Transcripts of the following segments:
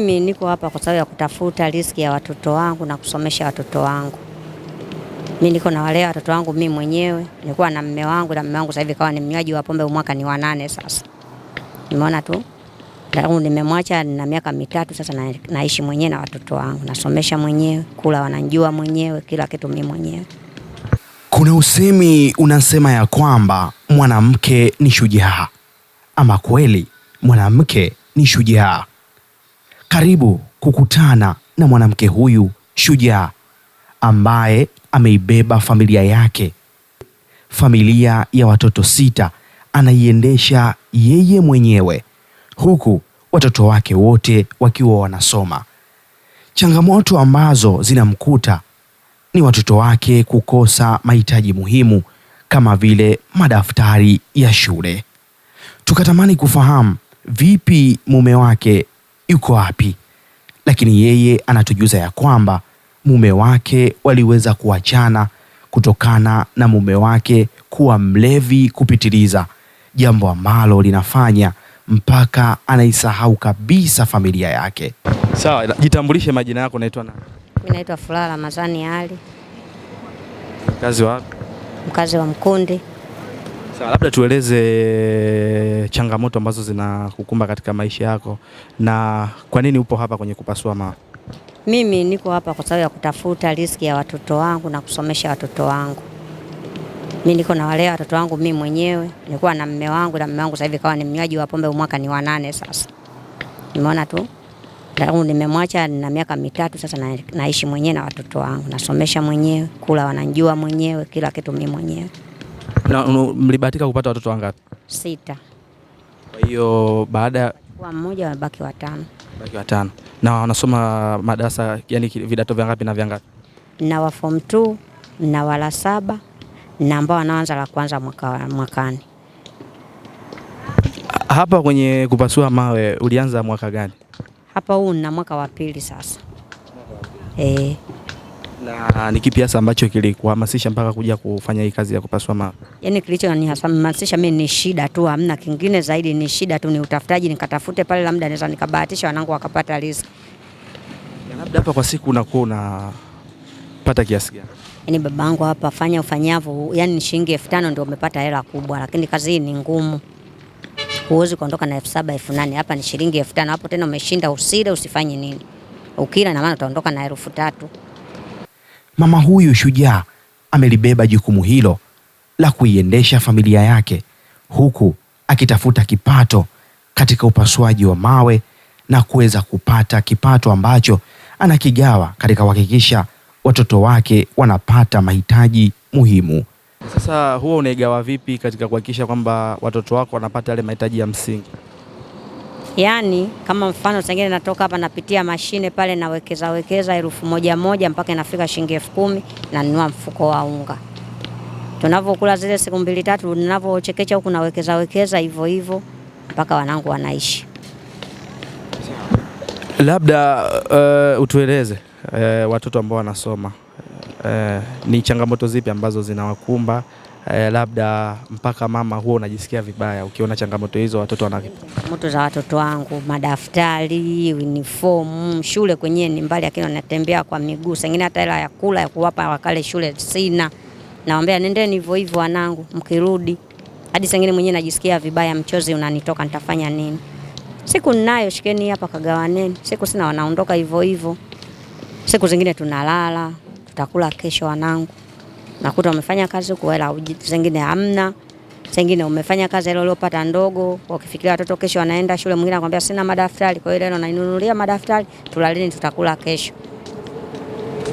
Mimi niko hapa kwa sababu ya kutafuta riziki ya watoto wangu na kusomesha watoto wangu. Mimi niko na wale watoto wangu mimi mwenyewe, nilikuwa na mume wangu na mume wangu sasa hivi kawa ni mnywaji wa pombe, mwaka ni wanane sasa. Nimeona tu tangu nimemwacha na miaka mitatu sasa na, naishi mwenyewe na watoto wangu, nasomesha mwenyewe, kula wananjua mwenyewe, kila kitu mimi mwenyewe. Kuna usemi unasema ya kwamba mwanamke ni shujaa. Ama kweli mwanamke ni shujaa. Karibu kukutana na mwanamke huyu shujaa ambaye ameibeba familia yake, familia ya watoto sita, anaiendesha yeye mwenyewe, huku watoto wake wote wakiwa wanasoma. Changamoto ambazo zinamkuta ni watoto wake kukosa mahitaji muhimu kama vile madaftari ya shule. Tukatamani kufahamu vipi mume wake yuko wapi, lakini yeye anatujuza ya kwamba mume wake waliweza kuachana kutokana na mume wake kuwa mlevi kupitiliza, jambo ambalo linafanya mpaka anaisahau kabisa familia yake. Sawa, jitambulishe majina yako, naitwa na Mimi naitwa Furaha ramazani Ali. Mkazi wapi? Mkazi wa Mkundi. Sawa, labda tueleze changamoto ambazo zinakukumba katika maisha yako na kwa nini upo hapa kwenye kupasua mama? Mimi niko hapa kwa sababu ya kutafuta riziki ya watoto wangu na kusomesha watoto wangu. Mimi niko na walea watoto wangu mimi mwenyewe, nilikuwa na mme wangu na mme wangu sasa hivi kawa ni mnywaji wa pombe, mwaka ni wanane sasa. Nimeona tu tangu nimemwacha na miaka mitatu sasa na, naishi mwenyewe na watoto wangu, nasomesha mwenyewe, kula wananjua mwenyewe, kila kitu mimi mwenyewe. Na mlibahatika kupata watoto wangapi? Sita. Kwa hiyo baada wa mmoja wabaki watano. Wabaki watano. Na wanasoma madarasa yani vidato vya ngapi na vya ngapi? Na wa form 2 na wala saba na ambao wanaanza la kwanza mwaka mwakani. Hapa kwenye kupasua mawe ulianza mwaka gani? Hapa huu na mwaka wa pili sasa. E. Na ni kipi hasa ambacho kilikuhamasisha mpaka kuja kufanya hii kazi ya kupasua mara? Yaani kilicho nihamasisha mimi ni shida tu, hamna kingine zaidi, ni shida tu, ni utafutaji, nikatafute pale, labda naweza nikabahatisha wanangu wakapata riziki. Labda hapa kwa siku unakuwa unapata kiasi gani? Yaani babangu hapa fanya ufanyavu, yani ni shilingi elfu tano ndio umepata hela kubwa, lakini kazi hii ni ngumu huwezi kuondoka na elfu saba elfu nane hapa ni shilingi elfu tano hapo tena umeshinda usile usifanye nini, ukila na maana utaondoka na elfu tatu. Mama huyu shujaa amelibeba jukumu hilo la kuiendesha familia yake huku akitafuta kipato katika upasuaji wa mawe na kuweza kupata kipato ambacho anakigawa katika kuhakikisha watoto wake wanapata mahitaji muhimu. Sasa huwa unaigawa vipi katika kuhakikisha kwamba watoto wako wanapata yale mahitaji ya msingi? Yaani kama mfano sengine natoka hapa napitia mashine pale nawekeza wekeza elfu moja moja mpaka inafika shilingi elfu kumi na nanunua mfuko wa unga. Tunavyokula zile siku mbili tatu, ninavyochekecha huku nawekeza wekeza hivyo hivyo mpaka wanangu wanaishi. Labda uh, utueleze uh, watoto ambao wanasoma uh, ni changamoto zipi ambazo zinawakumba eh, labda mpaka mama huwa unajisikia vibaya ukiona changamoto hizo watoto wanapitia. Changamoto za watoto wangu, madaftari, uniform, shule kwenyewe ni mbali, lakini wanatembea kwa miguu, sengine hata hela ya kula ya kuwapa wakale shule sina. Nawaambia nendeni hivyo hivyo wanangu, mkirudi hadi sengine mwenyewe najisikia vibaya, mchozi unanitoka, nitafanya nini? Siku ninayo shikeni hapa kagawaneni, siku sina wanaondoka hivyo hivyo. Siku zingine tunalala, tutakula kesho wanangu nakuta umefanya kazi huku hela zingine hamna, zingine umefanya kazi ile uliopata ndogo, ukifikiria watoto kesho wanaenda shule, mwingine anakuambia sina madaftari, kwa hiyo leo nainunulia madaftari, tulalini tutakula kesho.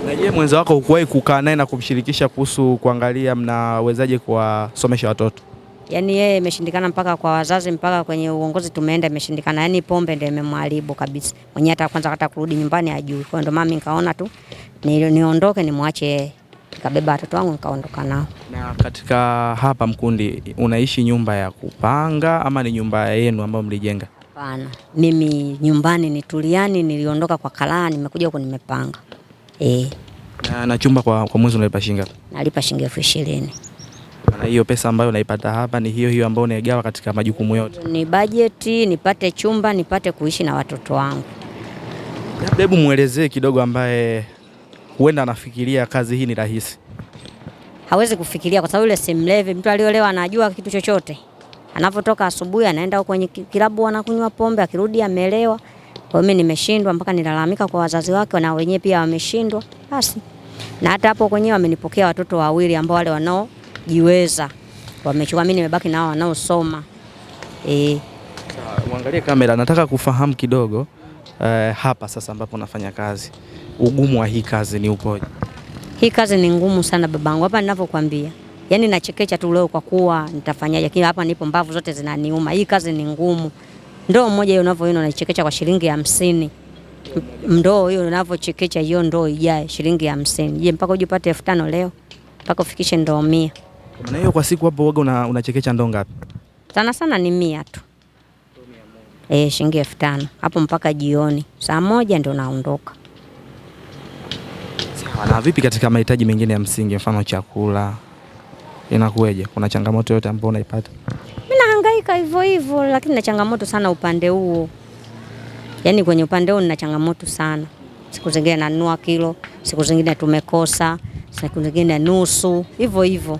Na je, mwenza wako hukuwahi kukaa naye na kumshirikisha kuhusu kuangalia mnawezaje kuwasomesha watoto? Yaani yeye imeshindikana mpaka kwa wazazi, mpaka kwenye uongozi tumeenda, imeshindikana. Yaani pombe ndio imemharibu kabisa, mwenyewe hata kwanza hata kurudi nyumbani ajui. Kwa hiyo ndo mami nikaona tu niondoke nimwache yeye nikabeba watoto wangu nikaondoka nao. Na katika hapa Mkundi unaishi nyumba ya kupanga ama ni nyumba yenu ambayo mlijenga? Hapana, mimi nyumbani ni Tuliani, niliondoka kwa Kalaa, nimekuja huko nimepanga e. Na, na chumba kwa, kwa mwezi unalipa shilingi ngapi? Nalipa shilingi elfu ishirini. Na hiyo pesa ambayo unaipata hapa ni hiyo hiyo ambayo unaigawa katika majukumu yote? Ni bajeti, nipate chumba, nipate kuishi na watoto wangu. Hebu mwelezee kidogo ambaye huenda anafikiria kazi hii ni rahisi. Hawezi kufikiria kwa sababu yule si mlevi. Mtu aliolewa anajua kitu chochote, anapotoka asubuhi anaenda kwenye kilabu anakunywa pombe, akirudi amelewa. Kwa mimi nimeshindwa mpaka nilalamika kwa wazazi wake, na wenyewe pia wameshindwa basi, na hata hapo kwenyewe wamenipokea watoto wawili ambao wale wanaojiweza wamechukua, mimi nimebaki nao wanaosoma. Eh, Muangalie kamera, nataka kufahamu kidogo eh, hapa sasa ambapo unafanya kazi, ugumu wa hii kazi ni upoje? Hii kazi ni ngumu sana babangu, hapa ninavyokuambia, yaani nachekecha tu leo kwa kuwa nitafanyaje, lakini hapa nipo mbavu zote zinaniuma. Hii kazi ni ngumu. Ndoo moja hiyo unavyoona naichekecha kwa shilingi hamsini ndoo hiyo unavyochekecha hiyo ndoo ijae shilingi hamsini. Je, mpaka ujipate elfu tano leo mpaka ufikishe ndoo mia. Maana hiyo kwa siku hapo waga unachekecha una ndoo ngapi? Sana sana ni mia tu eh, shilingi elfu tano hapo mpaka jioni saa moja ndio naondoka. Sawa. Na vipi katika mahitaji mengine ya msingi, mfano chakula, inakuweje? Kuna changamoto yote ambayo unaipata? Mimi nahangaika hivyo hivyo, lakini na changamoto sana upande huo, yaani kwenye upande huo nina changamoto sana. Siku zingine nanua kilo, siku zingine tumekosa, siku zingine nusu, hivyo hivyo,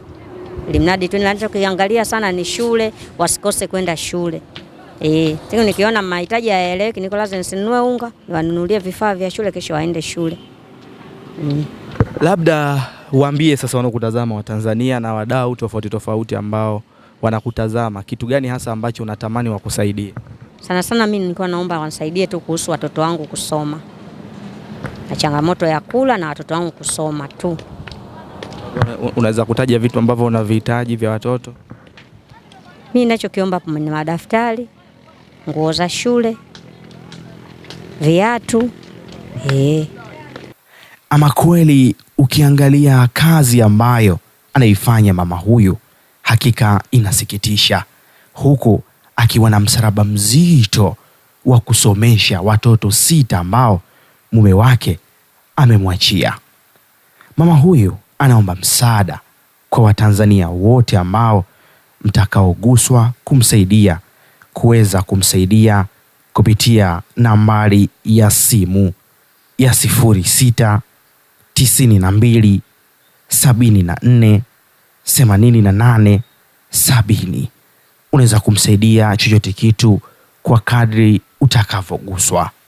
limradi tu. Nilianza kuiangalia sana ni shule, wasikose kwenda shule. Eh, tena nikiona mahitaji hayaeleweki niko lazima nisinunue unga, niwanunulie vifaa vya shule kesho waende shule. Mm. Labda waambie sasa wanaokutazama Watanzania na wadau tofauti tofauti ambao wanakutazama, kitu gani hasa ambacho unatamani wakusaidie? Sana sana mimi nilikuwa naomba wanisaidie tu kuhusu watoto wangu kusoma na changamoto ya kula na watoto wangu kusoma tu. Unaweza kutaja vitu ambavyo unavihitaji vya watoto? Mimi ninachokiomba ni madaftari nguo za shule, viatu eh. Ama kweli ukiangalia kazi ambayo anaifanya mama huyu hakika inasikitisha, huku akiwa na msalaba mzito wa kusomesha watoto sita ambao mume wake amemwachia. Mama huyu anaomba msaada kwa Watanzania wote ambao mtakaoguswa kumsaidia kuweza kumsaidia kupitia nambari ya simu ya sifuri sita tisini na mbili sabini na nne themanini na nane sabini. Unaweza kumsaidia chochote kitu kwa kadri utakavyoguswa.